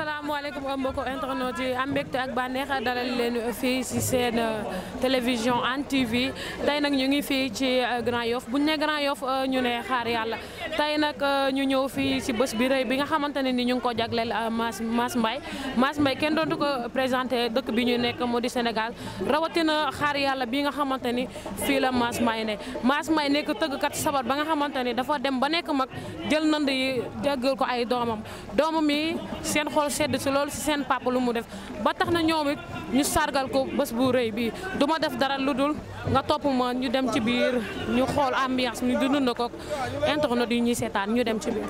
asalaamaaleykum mbokki internet yi am mbégte ak banex dalal leen fi ci seen euh, télévision Antv tay nak ñu ngi fi ci euh, Grand Yoff bu ñu Grand Yoff euh, ñu ne xaar Yalla tay nak uh, ñu ñëw fi ci bëss bi reuy bi nga xamantene ni ñu ngi ko jagleel uh, mas mas mbay mas mbay kën doon ko présenter dëkk bi ñu nekk modi sénégal rawati rawatina xaar yalla bi nga xamantene fi la mas mbay ne mas mbay nekk kat sabar ba nga xamantene dafa dem ba nekk mak jël nand yi jaggal ko ay domam doomam mi seen xol sedd ci lool ci seen papa lu mu def ba tax na ñoom it ñu sargal ko bëss bu reuy bi duma def dara luddul nga topp ma ñu dem ci biir ñu xol ambiance ñu dund na internet ñuy seetaan ñu dem ci biir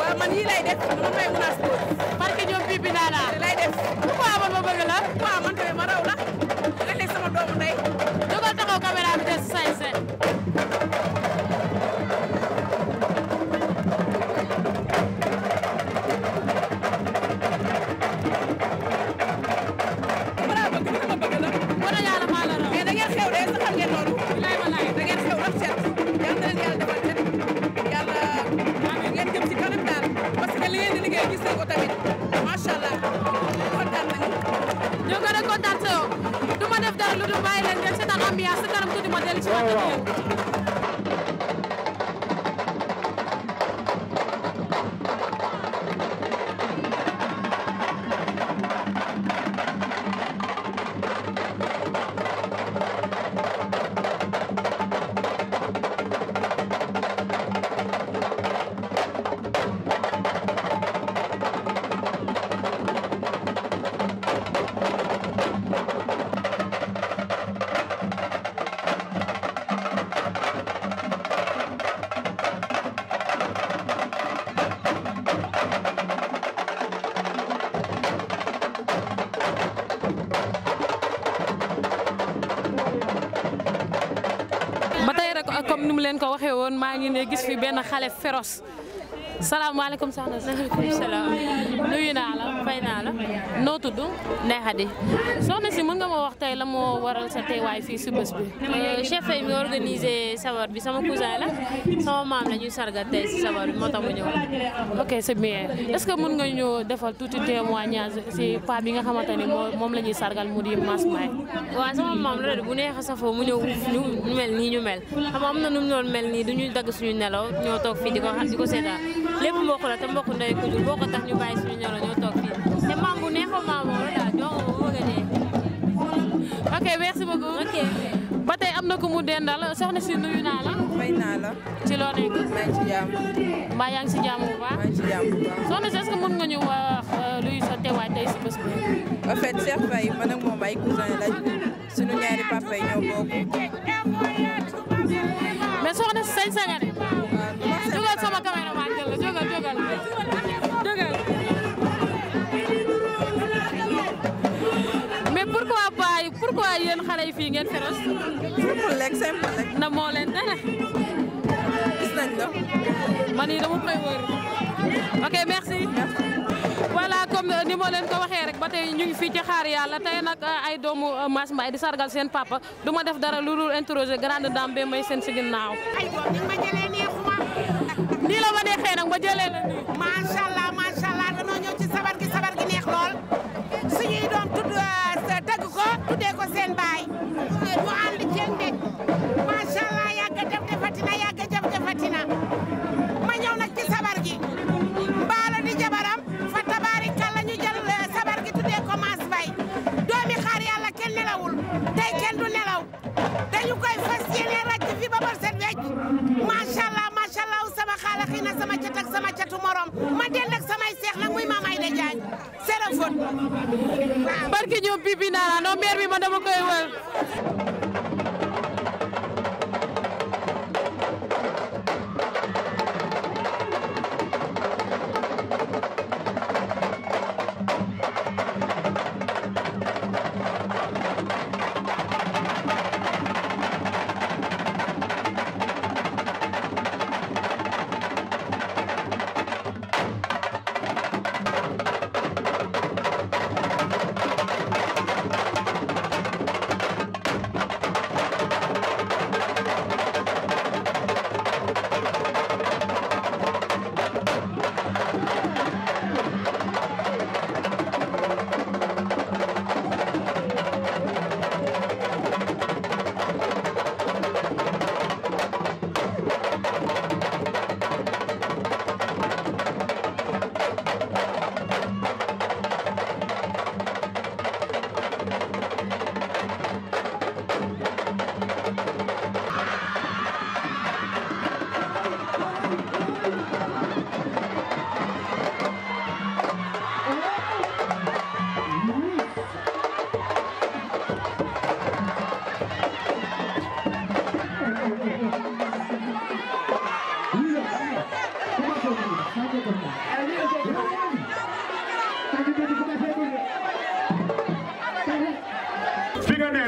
waaw man yii lay def man may menace Modou bàyyi leen ngeen seetaan ambiance sa kanam tuuti ma dellu si waat ni mu leen ko waxee woon maa ngi ne gis fi benn xale féroce salaamaaleykum soxna si. maaleykum salaam nuyu naa la. fay naa la noo tudd Ndeye Khady soxna si mën nga ma wax tey la moo waral sa teewaay fii si bés bi. Euh, chef yi mi organisé sabar bi sama cousin la sama maam la ñuy sargal tey si sabar mu ñëw. ok c'est bien est-ce que mën nga ñu defal tuuti témoignage si paa bi nga xamante ni moom la ñuy sargal mu di Mass Mbaye. waaw sama maam la bu neex a safoo mu ñëw ñu mel nii ñu mel xam am na nu mu mel nii du ñuy dagg suñu nelaw ñoo toog fii di ko di ko seetaan lépp mbokk la te mbokk ndey ku jur boo tax ñu bàyyi suñu nelaw ñoo merci beaucoup. ok ba tey am na ko mu dendal soxna si nuyu naa la. may naa la. ci loo nekk. maa ngi mbaa yaa ngi ci jàmm bu baax. ci jàmm bu baax. soxna si est-ce que mën nga ñu wax euh, luy sa teewaay tey si bés bi. en fait Cheikh Faye man ak moom ay cousin lañ suñu ñaari papa yi ñoo bokk. mais soxna si sañ-sañ pourquoi yéen xale yi fii ngeen féroce. lekk simple rek. na moo leen dara. man yi dama koy ok merci. voilà comme euh, ni ma leen ko waxee rek ba tey ñu ngi fii ci xaar yàlla tey nag euh, ay doomu euh, Mass Mbaye di sargal seen papa du ma def dara lu dul interroger grande dame bee may seen si ginnaaw. ay doom ni ma jëlee la ma neexee nag ma jëlee la nii. macha allah macha allah danoo ñëw ci sabar gi sabar gi neex lool ko tuddee ko seen baay mu ànd ceeg ndeg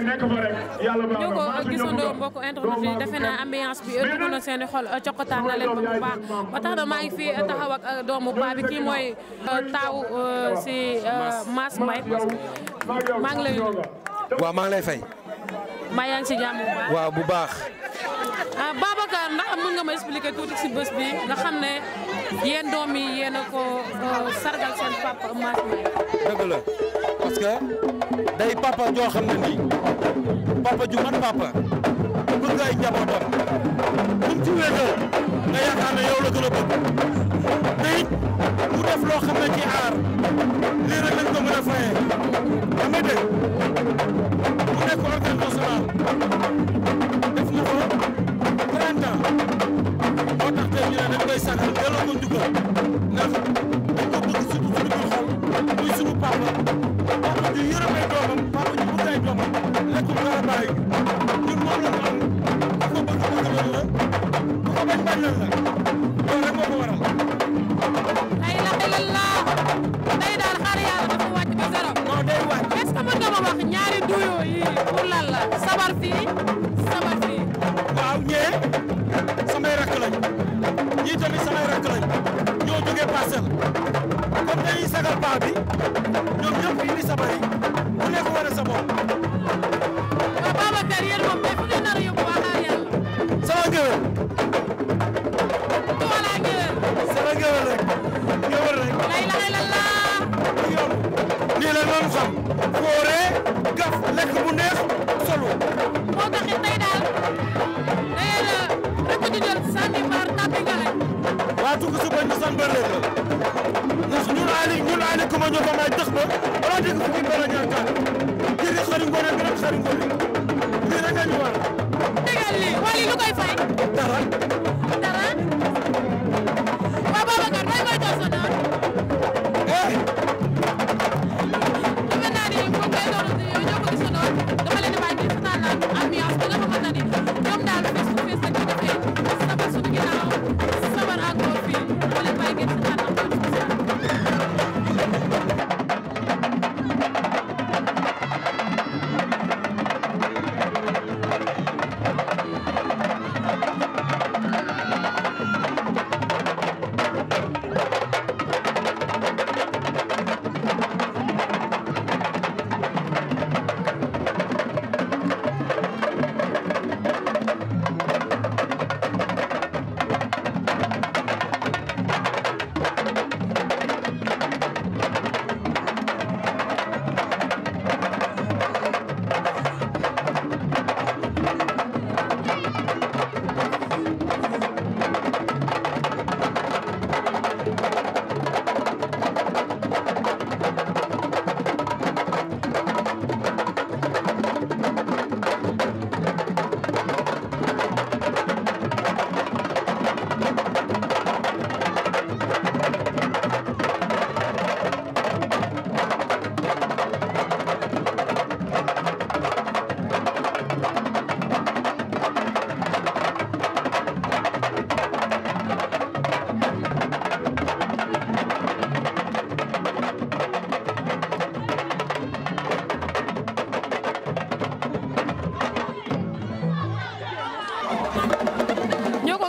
nekk a rek yàlla baax na ko gisandoo mbokk internet yi defe naa ambiance bi dugg na seen i xol coqataan na leen ko bu baax ba tax na maa ngi fi taxaw ak uh, doomu paa bi kii mooy uh, taaw uh, si Mass Mbaye maa ngi lay waaw maa ngi lay fay mbaa yaa ngi si jàmm waaw bu baax ah, Babacar ndax mën nga ma expliquer tuuti si bés bi nga xam ne yéen doom yi yéen a ko sargal seen papa Mass Mbaye. dëgg la parce que day papa joo xam ne nii papa ju man papa bëgg ay njabootam bu mu ci wéetal nga yaakaar ne yow la gën a wulal la sabar fii sabar fii waaw ñee samay rakk lañ ñii tamit samay rakk lañ ñoo jógee parcelle comme dañuy sagal paa bi ñoom ñëpp fii di sabar yi ku nekk war a sa bopp moom tey fu ngeen nar a yóbbu waa xaar yàlla sama ngéwél voilà ngéwél sama ngéwél rek ngéwél rek lay nii la doon xam fooree waa tukki si bañ ñu san bëri la ndax ñun Aliou ñun Aliou ku ma ñëw ba may tax ba balaa dégg fukki mbala ñaar kaat kii di xarit ngoone bi rek xarit ngoone lii rek la ñu war. dëggal lii wala lu koy fay. dara. dara.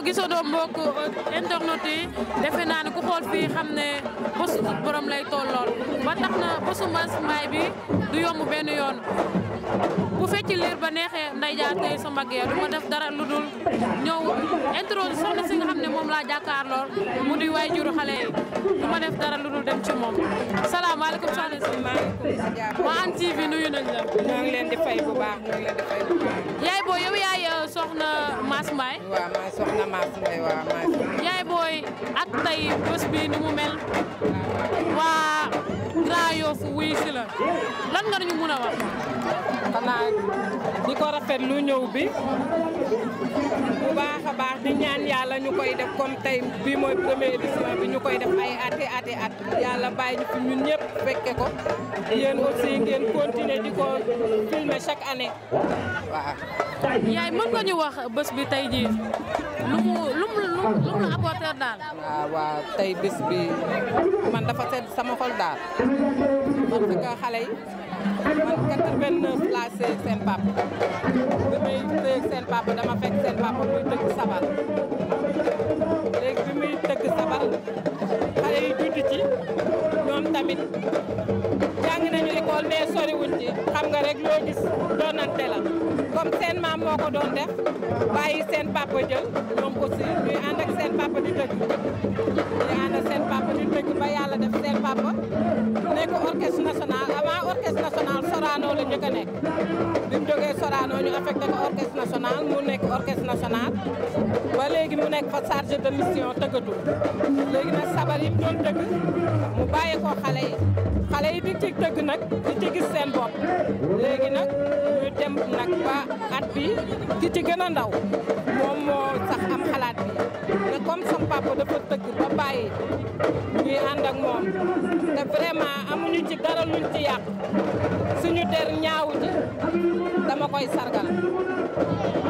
gisandoo mbokk euh, internet yi defe naa ne ku xool fii xam ne bésu borom lay tollool ba tax na bésu Mass Mbaye bi du yomb benn yoon bu fecci liir ba neexee nday tey sa mbagg du ma def dara lu dul ñëw introduire soxna si nga xam ne moom laa jàkkaar mu di waay juru xale yi du ma def dara lu dul dem ci moom salaamaaleykum soxna si. maaleykum salaam. waa Hann nuyu nañ la. ñoo leen di fay bu baax ñoo leen di fay bu baax. soxna Mass Mbaye. waaw maay soxna Mass Mbaye waaw maay. yaay booy ak tey bés bi ni mu mel. waa Grand wuy si la lan nga ñu mun a wax. xanaa di rafet lu ñëw bi. baax a baax di ñaan yàlla ñu koy def comme tey bii mooy première édition bi ñu koy def ay ati ati at yàlla bàyyi ñu ñun ñëpp fekke ko yéen aussi ngeen continuer di ko filmer chaque année waaw. yaay mën nga ñu wax bés bi tey jii lu mu lu mu lu mu apporter daal. waaw waaw tey bés bi man dafa sedd sama xol daal parce que xale yi. man 89 laa seen papa bi may sëy seen papa dama fekk seen papa muy tëgg sabar léegi bi muy tëgg sabar xale yi judd ñoom tamit jàng nañu école mais soriwuñ ci xam nga rek loo gis doonante la seen maam moo ko doon def bàyyi seen papa jël ñoom aussi ñuy ànd seen papa di tëgg ñuy ànd seen papa di tëgg ba yàlla def la njëkk a nekk bi mu jógee Sorano ñu affecté ko orchestre national mu nekk orchestre national ba léegi mu nekk fa chargé de mission tëggatu léegi nag sabar yi mu doon tëgg mu bàyyi ko xale yi xale yi di ci tëgg nag di ci seen bopp léegi nag ñu dem nag ba at bi ci gën a ndaw moom moo sax am xalaat bi ne comme sama papa dafa tëgg ba bàyyi ñuy ànd ak moom te vraiment amuñu ci dara luñ ci yàq suñu der ñaaw ji dama koy sargal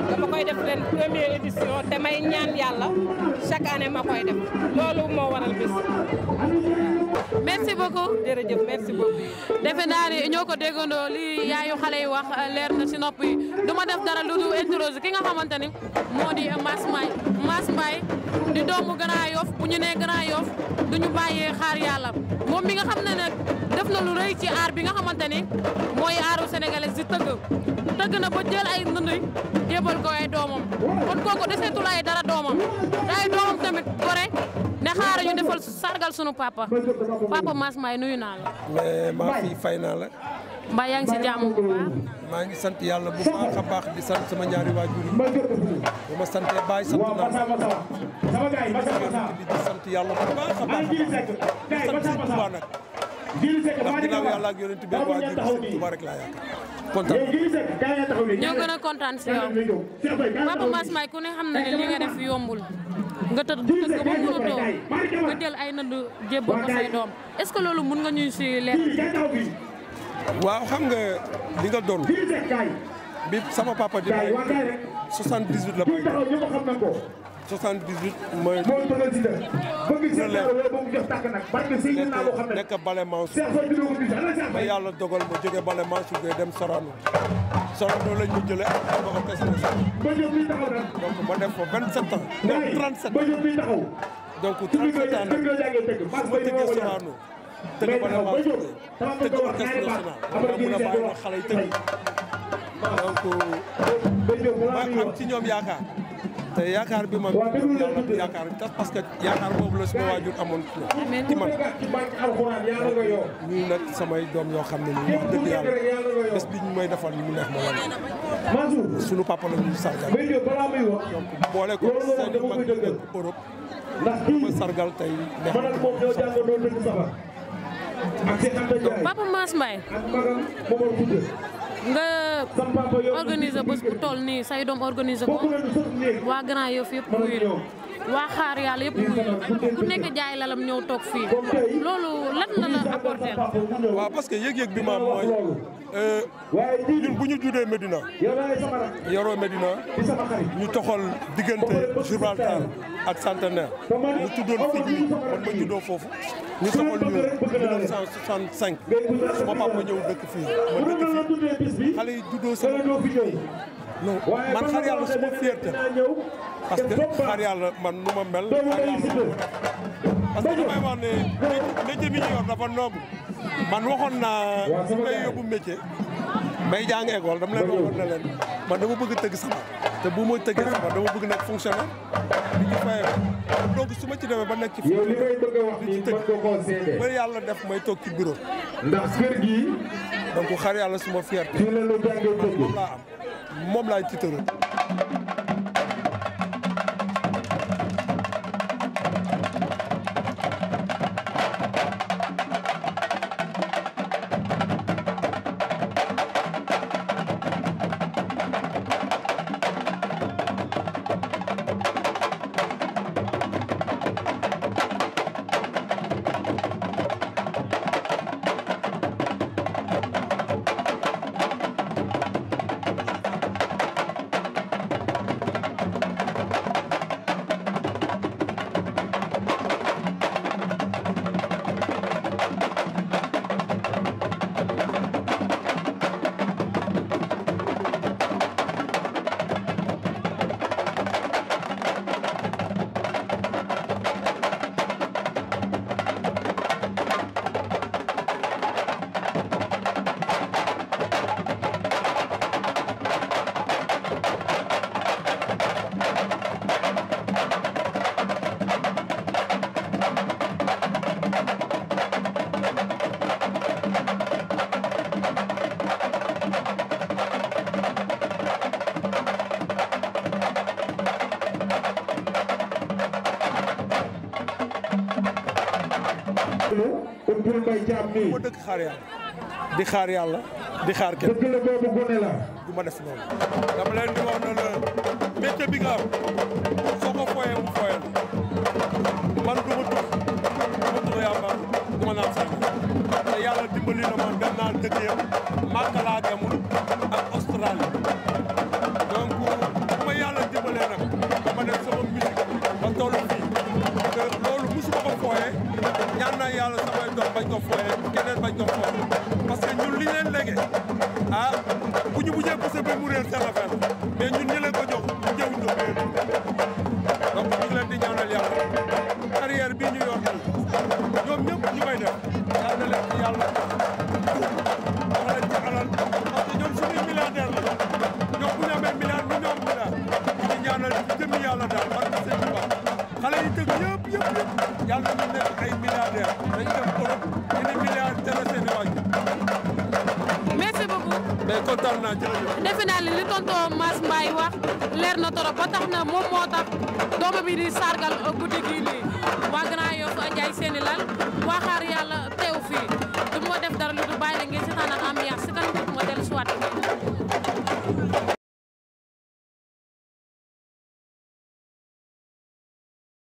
dama koy def ren première édition te may ñaan yàlla chaque année ma koy def loolu moo waral bés merci beaucoup jërëjëf merci beaucoup. defe naa ne ñoo ko déggandoo li yaayu xale yi wax leer na si nopp yi du def dara lu dul ki nga xamante ni moo di Mass Mbaye Mass Mbaye di doomu Grand Yoff bu ñu nee Grand Yoff du ñu bàyyee xaar yàlla moom mi nga xam ne nag def na lu rëy ci aar bi nga xamante ni mooy aaru sénégalais si tëgg tëgg na ba jël ay ndënd jébal ko ay doomam kon kooku deseetul dara doomam ay doomam jàppal sargal sunu papa papa mas may nuyu na la. mais ma fi fay la. mbaa yang ci si bu baax. ma ngi sant yalla bu baax baax di sant sama ñaari wajuri bu ma sant naa di sant yàlla bu baax a baax di sant si Tuubaa nag ndax ginnaaw yàlla ak yonent bi waajur si Tuubaa rek laa si yow Papa Mass Mbaye ku ne xam na ne li nga def yombul nga tëdd tëgg ba mënatoo nga jël ay nandu jébbal ko say doom est ce que loolu mun nga ñuy si leer. waaw xam nga li nga doon bi sama papa di may 78 la may 78 mooy. mooy bëgg xam ne nekk Bale Mansour ba yàlla dogal ma jóge Bale Mansour ngay dem Sorano Sorano lañ ma jëlee ak sama orchestre donc ma def fa 27 ans donc 37 donc 37 ans nag su ma tëggee Sorano tëgg Bale Mansour tëgg orchestre national mun a bàyyi ma xale yi tëgg donc maa am ci ñoom yaakaar te yaakaar bi ma yàlla yaakaar bi tas parce que yaakaar boobu la suma waajur amoon ci man ñu nag samay doom yoo xam ne wax dëgg yàlla bés bi may defal mu neex ma wala papa la ñu sargal donc boole ko seen mag dëkk Europe ma sargal neex papa nga organiser bés bu nii say doom organiser ko waa Grand Yoff yëpp wuyu la waa xaar yàlla yëpp wuyu la ku nekk jaay lalam ñëw toog fii loolu lan la la apporter. waaw parce que yëg-yëg bi maam mooy euh, ñun bu ñu juddee Medina yaroo Medina ñu toxal diggante Gibraltar ak Centenaire ñu tuddoon fii nii man ma juddoo foofu. ñu soxal ñu 1965 sama papa ñëw dëkk fii ma dëkk xale yi juddoo sama non man xaar yàlla suma fierté parce que xaar yàlla man nu ma mel xaar yàlla parce que damay wax ne métier bi ñu yor dafa noobu man waxoon naa su may yóbbu métier may jàng école dama leen waxoon na leen man dama bëgg tëgg sama te bu ma tëggee sama dama bëgg nekk fonctionnaire di ci fayee donc su ma ci demee ba nekk ci fi di yàlla def may toog ci bureau donc xaar yàlla suma fierté moom laa am moom laay tiitaroo Ibou Mbaye Thiam mii ma dëkk xaar yàlla di xaar yàlla di xaar kenn dëgg la boobu gone la du ma def noonu dama leen di wax ne la métier bi soo ko fooyee mu fooyee la du ma du ma tux yàmba du ma naan sànni te yàlla dimbali na ma dem naa dëkk kontaan naa jërëjëf. defe naa li tontoo Mass Mbaye wax leer na trop ba tax na moom moo tax dooma bi di sargal guddi gi